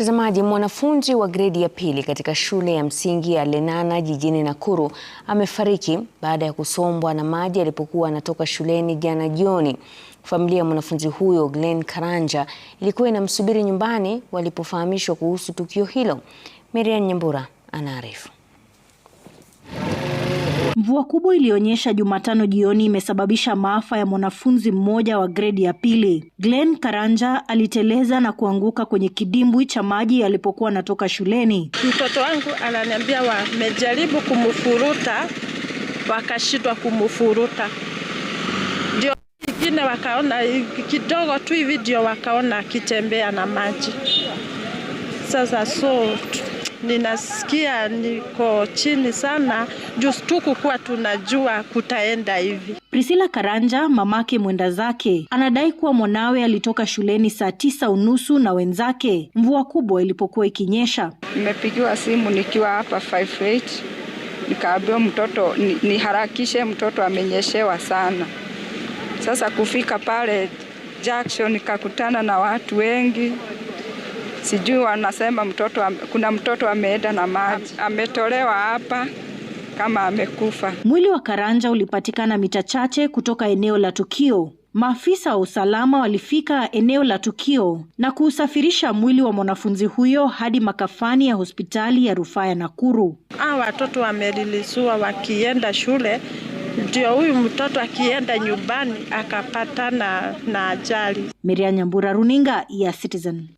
Mtazamaji, mwanafunzi wa gredi ya pili katika shule ya msingi ya Lenana jijini Nakuru amefariki baada ya kusombwa na maji alipokuwa anatoka shuleni jana jioni. Familia ya mwanafunzi huyo Glen Karanja ilikuwa inamsubiri nyumbani walipofahamishwa kuhusu tukio hilo. Marian Nyambura anaarifu. Mvua kubwa ilionyesha Jumatano jioni imesababisha maafa ya mwanafunzi mmoja wa gredi ya pili. Glenn Karanja aliteleza na kuanguka kwenye kidimbwi cha maji alipokuwa anatoka shuleni. Mtoto wangu ananiambia wamejaribu kumfuruta wakashindwa kumfuruta, ndio ingine wakaona kidogo tu hivi, ndio wakaona akitembea na maji sasa so ninasikia niko chini sana juu kukuwa tunajua kutaenda hivi. Priscilla Karanja, mamake mwenda zake, anadai kuwa mwanawe alitoka shuleni saa tisa unusu na wenzake mvua kubwa ilipokuwa ikinyesha. Nimepigiwa simu nikiwa hapa 58 nikaambiwa mtoto niharakishe, mtoto amenyeshewa sana. Sasa kufika pale Jackson nikakutana na watu wengi sijui wanasema mtoto, kuna mtoto ameenda na maji, ametolewa hapa kama amekufa. Mwili wa Karanja ulipatikana mita chache kutoka eneo la tukio. Maafisa wa usalama walifika eneo la tukio na kuusafirisha mwili wa mwanafunzi huyo hadi makafani ya hospitali ya rufaa ya Nakuru. Hawa watoto wamelilisua wakienda shule, ndio huyu mtoto akienda nyumbani akapatana na ajali. Miriam Nyambura, runinga ya Citizen.